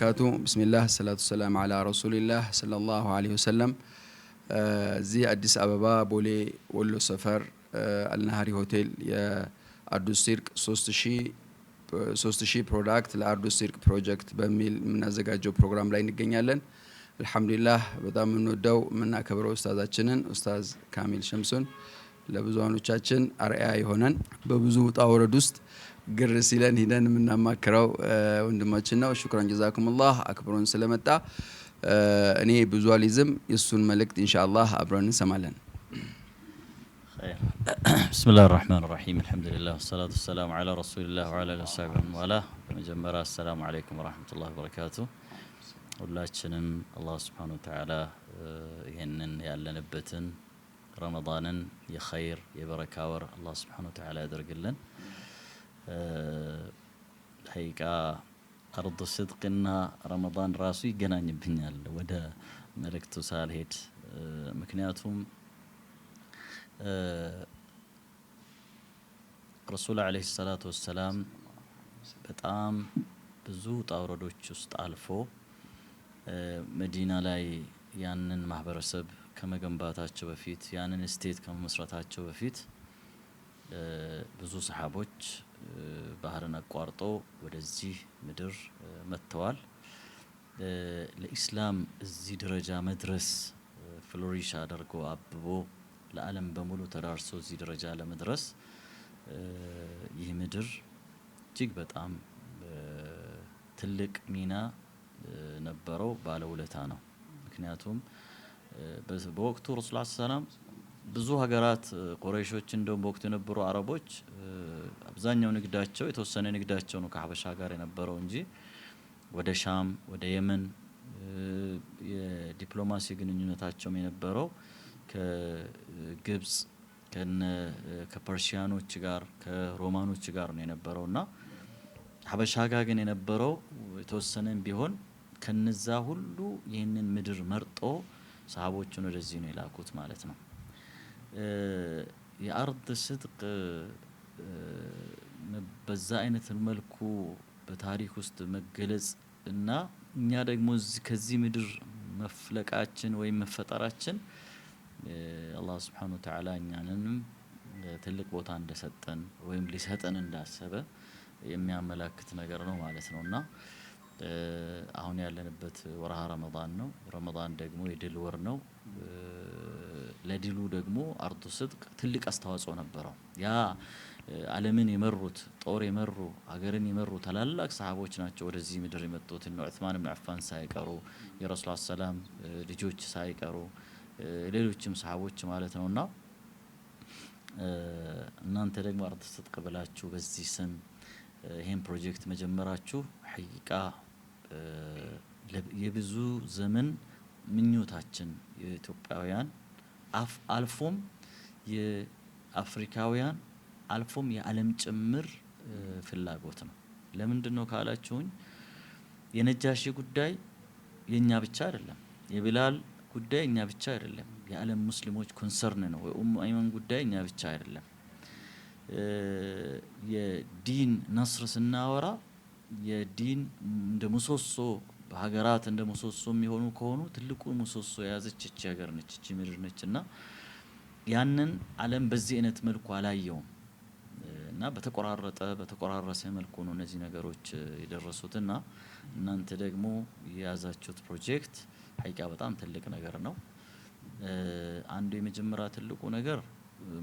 ወበረካቱ ብስሚላህ ሰላቱ ሰላም አላ ረሱሊላህ ሰለላሁ አለይሂ ወሰለም። እዚህ አዲስ አበባ ቦሌ ወሎ ሰፈር አልናሃሪ ሆቴል የአርዱስ ሲርቅ 3000 ፕሮዳክት ለአርዱስ ሲርቅ ፕሮጀክት በሚል የምናዘጋጀው ፕሮግራም ላይ እንገኛለን። አልሐምዱሊላህ በጣም የምንወደው የምናከብረው ኡስታዛችንን ኡስታዝ ካሚል ሸምሱን ለብዙሃኖቻችን አርአያ የሆነን በብዙ ውጣ ውረድ ውስጥ ግር ሲለን ሂደን የምናማክረው ወንድማችን ነው። ሹክራን ጀዛኩሙላህ አክብሮን ስለመጣ እኔ ብዙዋሊዝም የእሱን መልእክት ኢንሻአላህ አብረን እንሰማለን። ብስሚላህ ራህማን ራሂም አልሐምዱሊላህ ወሰላቱ ወሰላሙ ዐላ ረሱሊላህ ወዐላ አሊሂ ወሰሕቢሂ ወዐላ። በመጀመሪያ አሰላሙ አለይኩም ወራህመቱላህ ወበረካቱ። ሁላችንም አላህ ሱብሓነሁ ወተዓላ ይህንን ያለንበትን ረመዳንን የኸይር የበረካ ወር አላ ስብሓነሁ ወተዓላ ያደርግልን። ሀቂቃ አርዱ ስድቅና ረመዳን ራሱ ይገናኝብኛል ወደ መልእክቱ ሳልሄድ ምክንያቱም ረሱል ዓለይሂ ሰላቱ ወሰላም በጣም ብዙ ጣውረዶች ውስጥ አልፎ መዲና ላይ ያንን ማህበረሰብ ከመገንባታቸው በፊት ያንን ስቴት ከመመስረታቸው በፊት ብዙ ሰሓቦች ባህርን አቋርጦ ወደዚህ ምድር መጥተዋል። ለኢስላም እዚህ ደረጃ መድረስ ፍሎሪሽ አድርጎ አብቦ ለዓለም በሙሉ ተዳርሶ እዚህ ደረጃ ለመድረስ ይህ ምድር እጅግ በጣም ትልቅ ሚና ነበረው። ባለውለታ ነው። ምክንያቱም በወቅቱ ረሱል ሰላም ብዙ ሀገራት ቁረይሾች እንደውም በወቅቱ የነበሩ አረቦች አብዛኛው ንግዳቸው የተወሰነ ንግዳቸው ነው ከሀበሻ ጋር የነበረው እንጂ ወደ ሻም ወደ የመን የዲፕሎማሲ ግንኙነታቸውም የነበረው ከግብፅ ከፐርሺያኖች ጋር ከሮማኖች ጋር ነው የነበረው እና ሀበሻ ጋር ግን የነበረው የተወሰነም ቢሆን ከነዛ ሁሉ ይህንን ምድር መርጦ ሰሃቦቹን ወደዚህ ነው የላኩት ማለት ነው። የአርድ ስድቅ በዛ አይነት መልኩ በታሪክ ውስጥ መገለጽ እና እኛ ደግሞ ከዚህ ምድር መፍለቃችን ወይም መፈጠራችን አላህ ስብሓነ ወተዓላ እኛንንም ትልቅ ቦታ እንደሰጠን ወይም ሊሰጠን እንዳሰበ የሚያመላክት ነገር ነው ማለት ነው እና አሁን ያለንበት ወርሃ ረመዳን ነው። ረመዳን ደግሞ የድል ወር ነው። ለድሉ ደግሞ አርዱ ስድቅ ትልቅ አስተዋጽኦ ነበረው። ያ ዓለምን የመሩት ጦር የመሩ ሀገርን የመሩ ታላላቅ ሰሃቦች ናቸው ወደዚህ ምድር የመጡት እነ ዑትማን ብን አፋን ሳይቀሩ የረሱል ሰላም ልጆች ሳይቀሩ ሌሎችም ሰሃቦች ማለት ነውና እናንተ ደግሞ አርዱ ስድቅ ብላችሁ በዚህ ስም ይህን ፕሮጀክት መጀመራችሁ ሐቂቃ የብዙ ዘመን ምኞታችን የኢትዮጵያውያን አልፎም የአፍሪካውያን አልፎም የዓለም ጭምር ፍላጎት ነው። ለምንድን ነው ካላችሁኝ፣ የነጃሺ ጉዳይ የእኛ ብቻ አይደለም። የቢላል ጉዳይ እኛ ብቻ አይደለም። የዓለም ሙስሊሞች ኮንሰርን ነው። የኡሙ አይመን ጉዳይ እኛ ብቻ አይደለም። የዲን ነስር ስናወራ የዲን እንደ ምሰሶ በሀገራት እንደ ምሰሶ የሚሆኑ ከሆኑ ትልቁ ምሰሶ የያዘች እቺ ሀገር ነች፣ እቺ ምድር ነች እና ያንን አለም በዚህ አይነት መልኩ አላየውም እና በተቆራረጠ በተቆራረሰ መልኩ ነው እነዚህ ነገሮች እና እናንተ ደግሞ የያዛችሁት ፕሮጀክት ሀቂያ በጣም ትልቅ ነገር ነው። አንዱ የመጀመሪያ ትልቁ ነገር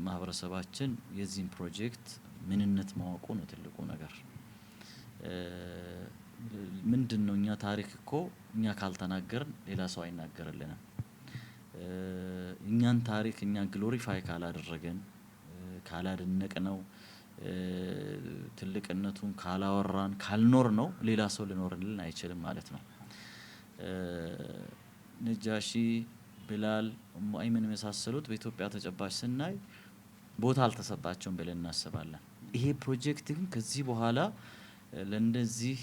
ማህበረሰባችን የዚህን ፕሮጀክት ምንነት ማወቁ ነው ትልቁ ነገር። ምንድን ነው እኛ ታሪክ እኮ እኛ ካልተናገርን ሌላ ሰው አይናገርልንም። እኛን ታሪክ እኛ ግሎሪፋይ ካላደረገን ካላደነቅ ነው ትልቅነቱን ካላወራን ካልኖር ነው ሌላ ሰው ሊኖርልን አይችልም ማለት ነው። ነጃሺ ብላል ሙአይምን የመሳሰሉት በኢትዮጵያ ተጨባጭ ስናይ ቦታ አልተሰጣቸውም ብለን እናስባለን። ይሄ ፕሮጀክት ግን ከዚህ በኋላ ለእንደዚህ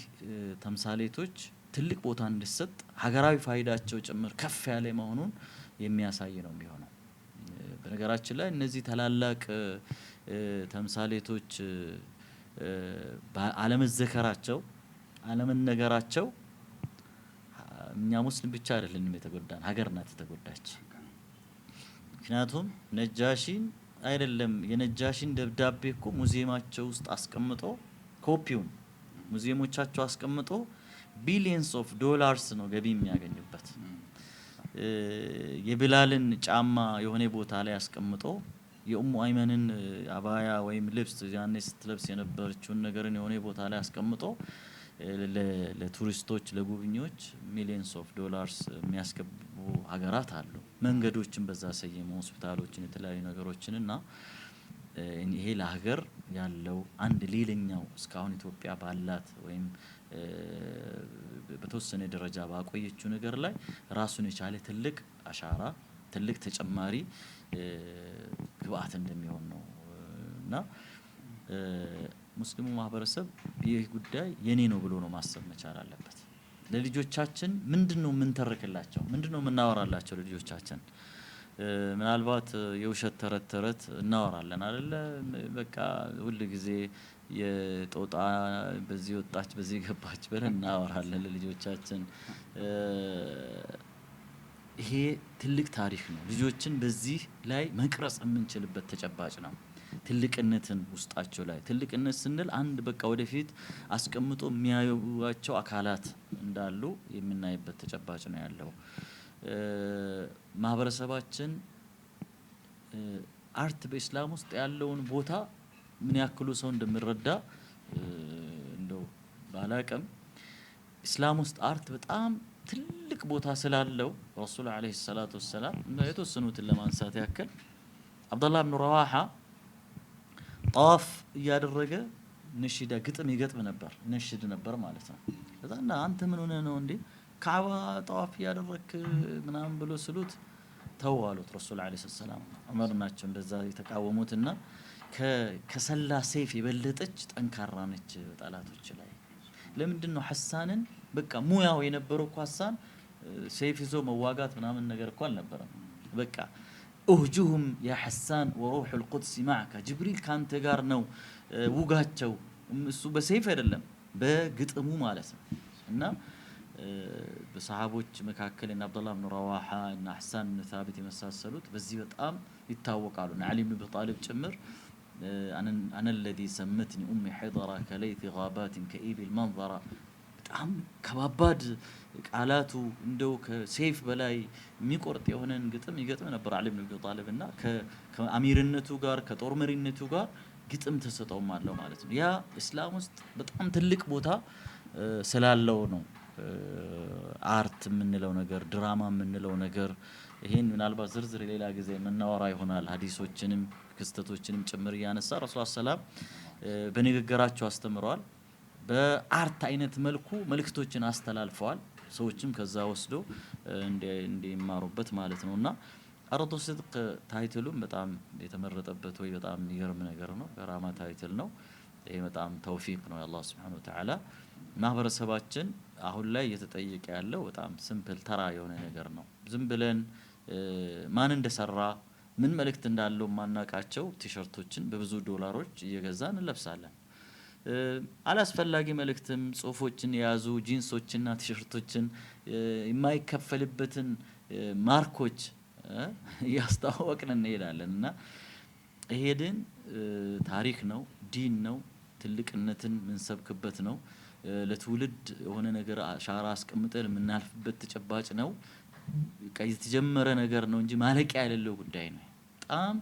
ተምሳሌቶች ትልቅ ቦታ እንዲሰጥ ሀገራዊ ፋይዳቸው ጭምር ከፍ ያለ መሆኑን የሚያሳይ ነው የሚሆነው። በነገራችን ላይ እነዚህ ታላላቅ ተምሳሌቶች አለመዘከራቸው፣ አለመነገራቸው እኛ ሙስሊም ብቻ አይደለንም የተጎዳን፣ ሀገር ናት የተጎዳች። ምክንያቱም ነጃሽን አይደለም የነጃሽን ደብዳቤ እኮ ሙዚየማቸው ውስጥ አስቀምጠው ኮፒውን ሙዚየሞቻቸው አስቀምጦ ቢሊየንስ ኦፍ ዶላርስ ነው ገቢ የሚያገኙበት። የብላልን ጫማ የሆነ ቦታ ላይ አስቀምጦ የኡሙ አይመንን አባያ ወይም ልብስ ያኔ ስትለብስ የነበረችውን ነገርን የሆነ ቦታ ላይ አስቀምጦ ለቱሪስቶች ለጉብኚዎች ሚሊየንስ ኦፍ ዶላርስ የሚያስገቡ ሀገራት አሉ። መንገዶችን በዛ ሰየመ ሆስፒታሎችን፣ የተለያዩ ነገሮችን እና ይሄ ለሀገር ያለው አንድ ሌላኛው እስካሁን ኢትዮጵያ ባላት ወይም በተወሰነ ደረጃ ባቆየችው ነገር ላይ ራሱን የቻለ ትልቅ አሻራ ትልቅ ተጨማሪ ግብአት እንደሚሆን ነው። እና ሙስሊሙ ማህበረሰብ ይህ ጉዳይ የኔ ነው ብሎ ነው ማሰብ መቻል አለበት። ለልጆቻችን ምንድነው የምንተርክላቸው? ምንድነው የምናወራላቸው? ለልጆቻችን ምናልባት የውሸት ተረት ተረት እናወራለን አይደለ? በቃ ሁል ጊዜ የጦጣ በዚህ ወጣች በዚህ ገባች ብለን እናወራለን ለልጆቻችን። ይሄ ትልቅ ታሪክ ነው። ልጆችን በዚህ ላይ መቅረጽ የምንችልበት ተጨባጭ ነው። ትልቅነትን ውስጣቸው ላይ ትልቅነት ስንል አንድ በቃ ወደፊት አስቀምጦ የሚያዩዋቸው አካላት እንዳሉ የምናይበት ተጨባጭ ነው ያለው። ማህበረሰባችን አርት በኢስላም ውስጥ ያለውን ቦታ ምን ያክሉ ሰው እንደሚረዳ እንደው ባላቅም ኢስላም ውስጥ አርት በጣም ትልቅ ቦታ ስላለው ረሱል ዓለይሂ ሰላት ወሰላም የተወሰኑትን ለማንሳት ያክል አብዱላህ ብኑ ረዋሓ ጠዋፍ እያደረገ ነሺዳ ግጥም ይገጥም ነበር፣ ነሽድ ነበር ማለት ነው። ከዛ አንተ ምን ሆነ ነው እንዴ ካባ ጠዋፍ እያደረክ ምናምን ብሎ ስሉት ተው አሉት ረሱል ዓለይሂ ሰላም። ዑመር ናቸው እንደዛ የተቃወሙት የተቃወሙትና ከሰላ ሴፍ የበለጠች ጠንካራ ነች ጠላቶች ላይ። ለምንድን ነው ሐሳንን በቃ ሙያው የነበረው እኮ ሐሳን ሴፍ ይዞ መዋጋት ምናምን ነገር እኮ አልነበረም። በቃ እህጁሁም ያ ሐሳን ወሩሑ ልቁድስ ማዕከ ጅብሪል ከአንተ ጋር ነው ውጋቸው። እሱ በሴፍ አይደለም በግጥሙ ማለት ነው እና በሰሃቦች መካከል እነ አብዱላህ ብን ረዋሓ እና አሕሳን ብን ታቢት የመሳሰሉት በዚህ በጣም ይታወቃሉ። እና ዓሊ ብን አቢ ጣሊብ ጭምር አነ ለዚ ሰመትኒ ኡሚ ሐይደራ ከለይት ጋባትን ከኢቢል መንዘራ በጣም ከባባድ ቃላቱ እንደው ከሴፍ በላይ የሚቆርጥ የሆነን ግጥም ይገጥም ነበር ዓሊ ብን አቢ ጣሊብ እና ከአሚርነቱ ጋር ከጦር መሪነቱ ጋር ግጥም ተሰጠውም አለው ማለት ነው። ያ እስላም ውስጥ በጣም ትልቅ ቦታ ስላለው ነው። አርት የምንለው ነገር ድራማ የምንለው ነገር ይህን ምናልባት ዝርዝር ሌላ ጊዜ የምናወራ ይሆናል። ሀዲሶችንም ክስተቶችንም ጭምር እያነሳ ረሱል ሰላም በንግግራቸው አስተምረዋል። በአርት አይነት መልኩ መልእክቶችን አስተላልፈዋል። ሰዎችም ከዛ ወስዶ እንዲማሩበት ማለት ነው እና አርዱ ስድቅ ታይትሉም በጣም የተመረጠበት ወይ በጣም የሚገርም ነገር ነው። ገራማ ታይትል ነው። ይህ በጣም ተውፊቅ ነው የአላህ ስብሐነ ወተዓላ። ማህበረሰባችን አሁን ላይ እየተጠየቀ ያለው በጣም ስምፕል ተራ የሆነ ነገር ነው። ዝም ብለን ማን እንደሰራ ምን መልእክት እንዳለው የማናውቃቸው ቲሸርቶችን በብዙ ዶላሮች እየገዛ እንለብሳለን። አላስፈላጊ መልእክትም ጽሁፎችን የያዙ ጂንሶችና ቲሸርቶችን የማይከፈልበትን ማርኮች እያስተዋወቅን እንሄዳለን እና ይሄ ታሪክ ነው፣ ዲን ነው ትልቅነትን የምንሰብክበት ነው። ለትውልድ የሆነ ነገር አሻራ አስቀምጠን የምናልፍበት ተጨባጭ ነው። የተጀመረ ነገር ነው እንጂ ማለቂያ የሌለው ጉዳይ ነው። በጣም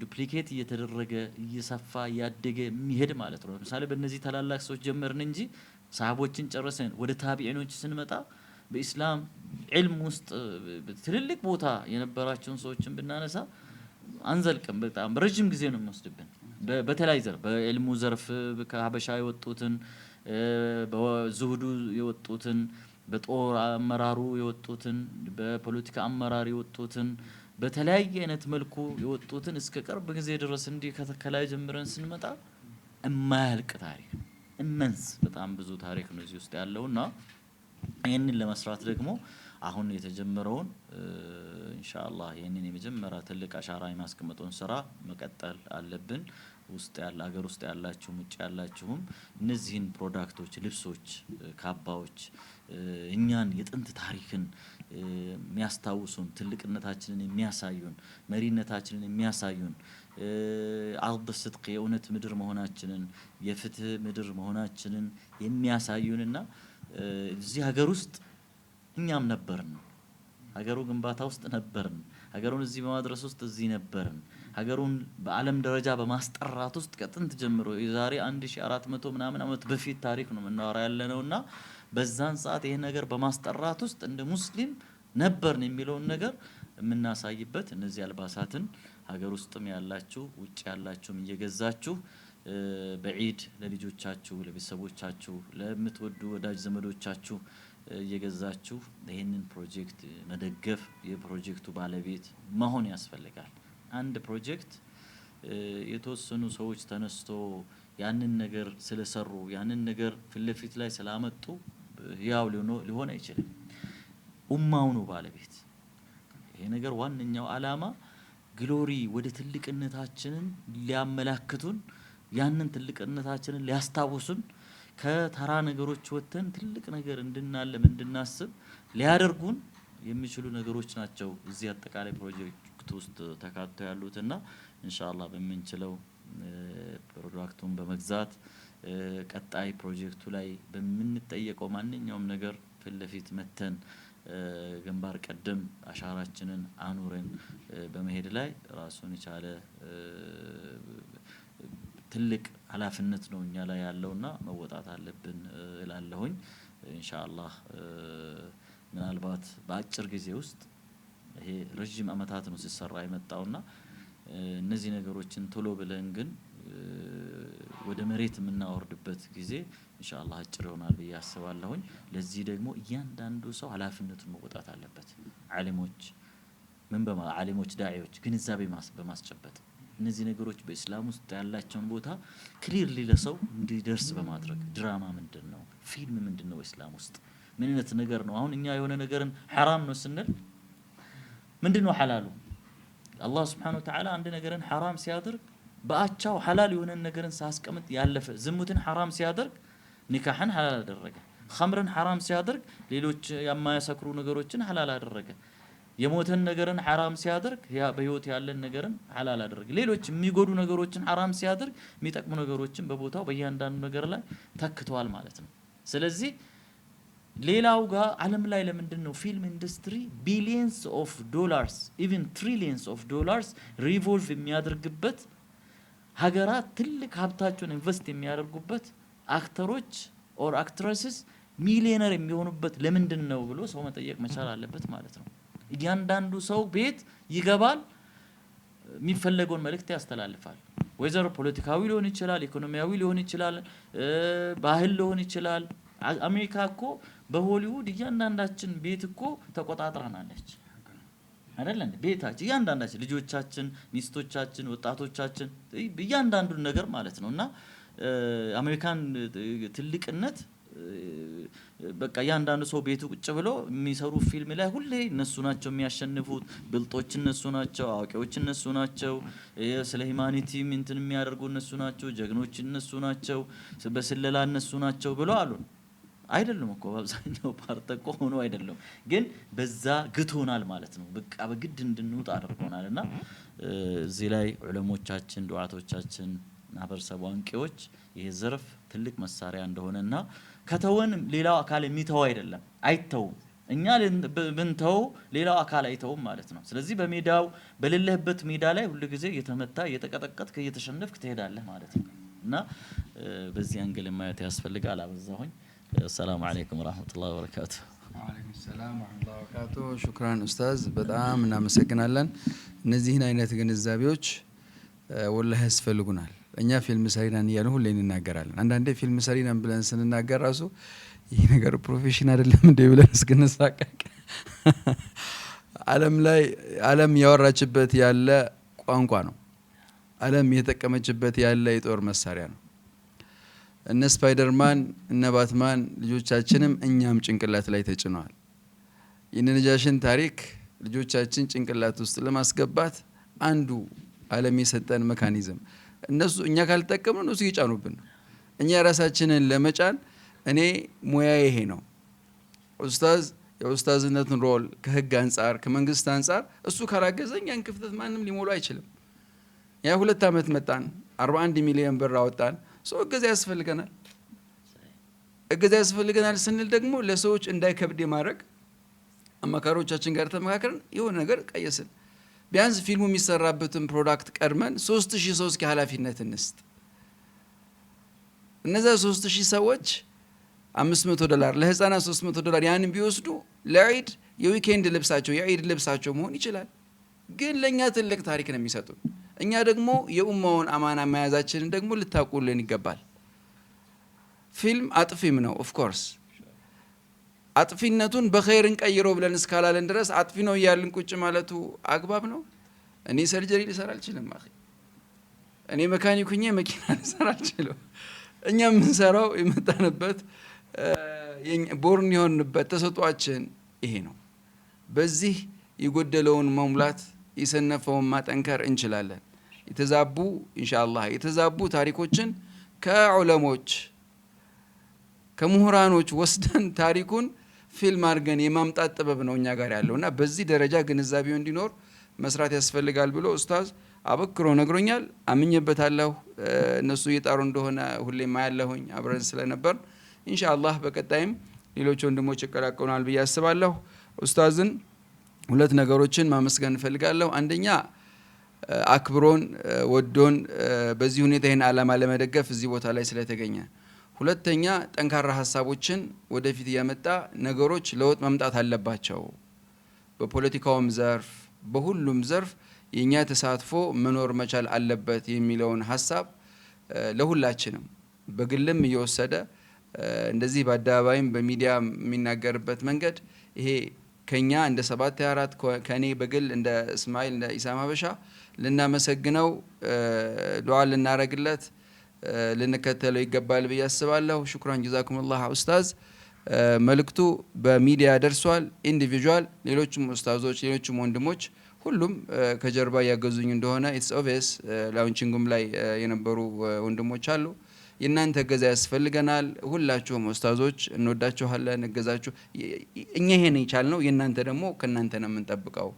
ዱፕሊኬት እየተደረገ እየሰፋ እያደገ የሚሄድ ማለት ነው። ለምሳሌ በእነዚህ ታላላቅ ሰዎች ጀመርን እንጂ ሰሃቦችን ጨረሰን። ወደ ታቢዒኖች ስንመጣ በኢስላም ዕልም ውስጥ ትልልቅ ቦታ የነበራቸውን ሰዎችን ብናነሳ አንዘልቅም። በጣም በረዥም ጊዜ ነው የሚወስድብን። በተለያይ ዘርፍ በዕልሙ ዘርፍ ከሀበሻ የወጡትን በዝሁዱ የወጡትን በጦር አመራሩ የወጡትን በፖለቲካ አመራር የወጡትን በተለያየ አይነት መልኩ የወጡትን እስከ ቅርብ ጊዜ ድረስ እንዲህ ከላይ ጀምረን ስንመጣ እማያልቅ ታሪክ እመንስ በጣም ብዙ ታሪክ ነው እዚህ ውስጥ ያለው እና ይህንን ለመስራት ደግሞ አሁን የተጀመረውን ኢንሻአላህ ይህንን የመጀመሪያ ትልቅ አሻራ የማስቀመጡን ስራ መቀጠል አለብን። ውስጥ ያለ ሀገር ውስጥ ያላችሁም ውጭ ያላችሁም እነዚህን ፕሮዳክቶች፣ ልብሶች፣ ካባዎች እኛን የጥንት ታሪክን የሚያስታውሱን ትልቅነታችንን የሚያሳዩን መሪነታችንን የሚያሳዩን አርድ ስድቅ የእውነት ምድር መሆናችንን የፍትህ ምድር መሆናችንን የሚያሳዩንና እዚህ ሀገር ውስጥ እኛም ነበርን፣ ሀገሩ ግንባታ ውስጥ ነበርን። ሀገሩን እዚህ በማድረስ ውስጥ እዚህ ነበርን። ሀገሩን በዓለም ደረጃ በማስጠራት ውስጥ ከጥንት ጀምሮ የዛሬ ሺ መቶ ምናምን ዓመት በፊት ታሪክ ነው የምናወራ ያለ ነው እና በዛን ሰዓት ይህ ነገር በማስጠራት ውስጥ እንደ ሙስሊም ነበርን የሚለውን ነገር የምናሳይበት እነዚህ አልባሳትን ሀገር ውስጥም ያላችሁ ውጭ ያላችሁም እየገዛችሁ በዒድ ለልጆቻችሁ፣ ለቤተሰቦቻችሁ፣ ለምትወዱ ወዳጅ ዘመዶቻችሁ እየገዛችሁ ይህንን ፕሮጀክት መደገፍ የፕሮጀክቱ ባለቤት መሆን ያስፈልጋል። አንድ ፕሮጀክት የተወሰኑ ሰዎች ተነስቶ ያንን ነገር ስለሰሩ ያንን ነገር ፊት ለፊት ላይ ስላመጡ ያው ሊሆን አይችልም። ኡማው ነው ባለቤት። ይሄ ነገር ዋነኛው አላማ ግሎሪ ወደ ትልቅነታችንን ሊያመላክቱን ያንን ትልቅነታችንን ሊያስታውሱን ከተራ ነገሮች ወጥተን ትልቅ ነገር እንድናለም እንድናስብ ሊያደርጉን የሚችሉ ነገሮች ናቸው እዚህ አጠቃላይ ፕሮጀክት ውስጥ ተካተው ያሉት እና እንሻላ በምንችለው ፕሮዳክቱን በመግዛት ቀጣይ ፕሮጀክቱ ላይ በምንጠየቀው ማንኛውም ነገር ፊትለፊት መተን ግንባር ቀደም አሻራችንን አኑረን በመሄድ ላይ ራሱን የቻለ ትልቅ ኃላፊነት ነው እኛ ላይ ያለውና መወጣት አለብን እላለሁኝ። ኢንሻአላህ ምናልባት በአጭር ጊዜ ውስጥ ይሄ ረጅም አመታት ነው ሲሰራ የመጣው እና እነዚህ ነገሮችን ቶሎ ብለን ግን ወደ መሬት የምናወርድበት ጊዜ ኢንሻአላህ አጭር ይሆናል ብዬ አስባለሁኝ። ለዚህ ደግሞ እያንዳንዱ ሰው ኃላፊነቱን መወጣት አለበት። አሊሞች ምን በማ አሊሞች ዳዒዎች ግንዛቤ በማስጨበጥ እነዚህ ነገሮች በኢስላም ውስጥ ያላቸውን ቦታ ክሊርሊ ለሰው እንዲደርስ በማድረግ ድራማ ምንድን ነው? ፊልም ምንድን ነው? በኢስላም ውስጥ ምን አይነት ነገር ነው? አሁን እኛ የሆነ ነገርን ሐራም ነው ስንል ምንድን ነው ሐላሉ? አላህ ስብሓነሁ ወተዓላ አንድ ነገርን ሐራም ሲያደርግ በአቻው ሐላል የሆነን ነገርን ሳስቀምጥ ያለፈ ዝሙትን ሐራም ሲያደርግ ኒካህን ሐላል አደረገ። ኸምርን ሐራም ሲያደርግ ሌሎች የማያሰክሩ ነገሮችን ሐላል አደረገ። የሞተን ነገርን ሐራም ሲያደርግ በህይወት ያለን ነገርን ሐላል አደረገ። ሌሎች የሚጎዱ ነገሮችን ሐራም ሲያደርግ የሚጠቅሙ ነገሮችን በቦታው በእያንዳንዱ ነገር ላይ ተክተዋል ማለት ነው። ስለዚህ ሌላው ጋር ዓለም ላይ ለምንድን ነው ፊልም ኢንዱስትሪ ቢሊየንስ ኦፍ ዶላርስ ኢቭን ትሪሊየንስ ኦፍ ዶላርስ ሪቮልቭ የሚያደርግበት ሀገራት ትልቅ ሀብታቸውን ኢንቨስት የሚያደርጉበት አክተሮች ኦር አክትረስስ ሚሊዮነር የሚሆኑበት ለምንድን ነው ብሎ ሰው መጠየቅ መቻል አለበት ማለት ነው። እያንዳንዱ ሰው ቤት ይገባል፣ የሚፈለገውን መልእክት ያስተላልፋል። ወይዘሮ ፖለቲካዊ ሊሆን ይችላል፣ ኢኮኖሚያዊ ሊሆን ይችላል፣ ባህል ሊሆን ይችላል። አሜሪካ እኮ በሆሊውድ እያንዳንዳችን ቤት እኮ ተቆጣጥራናለች አይደለ ቤታችን እያንዳንዳችን፣ ልጆቻችን፣ ሚስቶቻችን፣ ወጣቶቻችን እያንዳንዱን ነገር ማለት ነው እና አሜሪካን ትልቅነት በቃ እያንዳንዱ ሰው ቤቱ ቁጭ ብሎ የሚሰሩ ፊልም ላይ ሁሌ እነሱ ናቸው የሚያሸንፉት፣ ብልጦች እነሱ ናቸው፣ አዋቂዎች እነሱ ናቸው፣ ስለ ሂማኒቲ እንትን የሚያደርጉ እነሱ ናቸው፣ ጀግኖች እነሱ ናቸው፣ በስለላ እነሱ ናቸው ብሎ አሉን። አይደለም እኮ በአብዛኛው ፓርት እኮ ሆኖ አይደለም፣ ግን በዛ ግቶናል ማለት ነው። በቃ በግድ እንድንውጥ አድርጎናል። እና እዚህ ላይ ዑለሞቻችን ዱዓቶቻችን ማህበረሰቡ አንቂዎች ይሄ ዘርፍ ትልቅ መሳሪያ እንደሆነ እና ከተወን ሌላው አካል የሚተው አይደለም፣ አይተውም። እኛ ብንተው ሌላው አካል አይተውም ማለት ነው። ስለዚህ በሜዳው በሌለህበት ሜዳ ላይ ሁሉ ጊዜ እየተመታ እየተቀጠቀጥክ እየተሸነፍክ ትሄዳለህ ማለት ነው እና በዚህ አንግል ማየት ያስፈልጋል። አበዛሁኝ። አሰላሙ አለይኩም ወረህመቱላሂ ወበረካቱ። ወአለይኩም ሰላም ወረህመቱላሂ ወበረካቱ። ሹክራን ኡስታዝ፣ በጣም እናመሰግናለን። እነዚህን አይነት ግንዛቤዎች ወላህ ያስፈልጉናል። እኛ ፊልም ሰሪ እያሉ ሁሌ እንናገራለን። አንዳንዴ ፊልም ሰሪናን ብለን ስንናገር ራሱ ይህ ነገር ፕሮፌሽን አይደለም እንደ ብለን እስክንሳቀቅ ዓለም ላይ ዓለም ያወራችበት ያለ ቋንቋ ነው። ዓለም የተጠቀመችበት ያለ የጦር መሳሪያ ነው። እነ ስፓይደርማን እነ ባትማን ልጆቻችንም እኛም ጭንቅላት ላይ ተጭነዋል። የነጃሽን ታሪክ ልጆቻችን ጭንቅላት ውስጥ ለማስገባት አንዱ ዓለም የሰጠን መካኒዝም እነሱ እኛ ካልተጠቀምን እነሱ እየጫኑብን ነው። እኛ የራሳችንን ለመጫን እኔ ሙያ ይሄ ነው። ኡስታዝ የኡስታዝነትን ሮል ከህግ አንጻር ከመንግስት አንጻር እሱ ካላገዘኝ ያን ክፍተት ማንም ሊሞሉ አይችልም። ያ ሁለት ዓመት መጣን፣ 41 ሚሊዮን ብር አወጣን። ሰው እገዛ ያስፈልገናል። እገዛ ያስፈልገናል ስንል ደግሞ ለሰዎች እንዳይከብድ የማድረግ አማካሪዎቻችን ጋር ተመካከርን የሆነ ነገር ቀየስን። ቢያንስ ፊልሙ የሚሰራበትን ፕሮዳክት ቀድመን ሶስት ሺህ ሰው እስኪ ኃላፊነት እንስጥ። እነዚያ ሶስት ሺህ ሰዎች አምስት መቶ ዶላር ለህፃናት ሶስት መቶ ዶላር ያንን ቢወስዱ ለዒድ የዊኬንድ ልብሳቸው የዒድ ልብሳቸው መሆን ይችላል። ግን ለእኛ ትልቅ ታሪክ ነው የሚሰጡን። እኛ ደግሞ የኡማውን አማና መያዛችንን ደግሞ ልታውቁልን ይገባል። ፊልም አጥፊም ነው ኦፍኮርስ አጥፊነቱን በኸይር ቀይሮ ብለን እስካላለን ድረስ አጥፊ ነው እያልን ቁጭ ማለቱ አግባብ ነው? እኔ ሰርጀሪ ልሰራ አልችልም። አ እኔ መካኒክ ሁኜ መኪና ልሰራ አልችልም። እኛ የምንሰራው የመጣንበት ቦርን የሆንበት ተሰጧችን ይሄ ነው። በዚህ የጎደለውን መሙላት የሰነፈውን ማጠንከር እንችላለን። የተዛቡ ኢንሻአላህ የተዛቡ ታሪኮችን ከዑለሞች ከምሁራኖች ወስደን ታሪኩን ፊልም አድርገን የማምጣት ጥበብ ነው እኛ ጋር ያለው እና በዚህ ደረጃ ግንዛቤው እንዲኖር መስራት ያስፈልጋል ብሎ ኡስታዝ አበክሮ ነግሮኛል። አምኜበታለሁ። እነሱ እየጣሩ እንደሆነ ሁሌም አያለሁኝ። አብረን ስለነበር ኢንሻአላህ በቀጣይም ሌሎች ወንድሞች ይቀላቀሉናል ብዬ አስባለሁ። ኡስታዝን ሁለት ነገሮችን ማመስገን እንፈልጋለሁ። አንደኛ አክብሮን ወዶን በዚህ ሁኔታ ይህን ዓላማ ለመደገፍ እዚህ ቦታ ላይ ስለተገኘ ሁለተኛ ጠንካራ ሀሳቦችን ወደፊት እያመጣ ነገሮች ለውጥ መምጣት አለባቸው። በፖለቲካውም ዘርፍ በሁሉም ዘርፍ የእኛ ተሳትፎ መኖር መቻል አለበት የሚለውን ሀሳብ ለሁላችንም በግልም እየወሰደ እንደዚህ በአደባባይም በሚዲያ የሚናገርበት መንገድ ይሄ ከኛ እንደ ሰባት አራት ከእኔ በግል እንደ እስማኤል እንደ ኢሳም ሀበሻ ልናመሰግነው ዱዓ ልናረግለት ልንከተለው ይገባል ብዬ አስባለሁ። ሹክራን ጀዛኩሙላህ ኡስታዝ። መልእክቱ በሚዲያ ደርሷል። ኢንዲቪዥዋል፣ ሌሎችም ኡስታዞች፣ ሌሎችም ወንድሞች ሁሉም ከጀርባ እያገዙኝ እንደሆነ ኢትስ ኦቪየስ። ላውንቺንጉም ላይ የነበሩ ወንድሞች አሉ። የእናንተ እገዛ ያስፈልገናል። ሁላችሁም ኡስታዞች እንወዳችኋለን። እገዛችሁ እኛ ይሄን ይቻል ነው። የእናንተ ደግሞ ከእናንተ ነው የምንጠብቀው።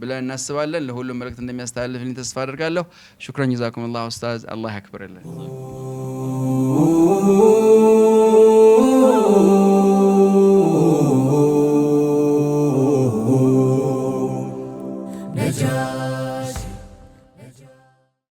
ብለን እናስባለን። ለሁሉም መልእክት እንደሚያስተላልፍልኝ ተስፋ አድርጋለሁ። ሹክረን ጀዛኩም ላሁ ኡስታዝ፣ አላህ ያክብርልን።